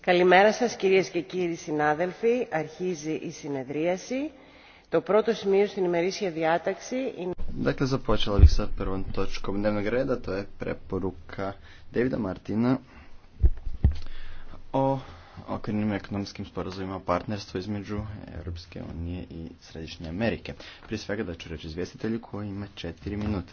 Καλημέρα σας κυρίες και κύριοι συνάδελφοι. Αρχίζει η συνεδρίαση. Το πρώτο σημείο στην ημερήσια διάταξη Dakle, započela bih sa prvom točkom dnevnog reda, to je preporuka Davida Martina o okvirnim ekonomskim sporazumima o partnerstvu između Europske unije i Središnje Amerike. Prije svega da ću reći izvjestitelju koji ima četiri minute.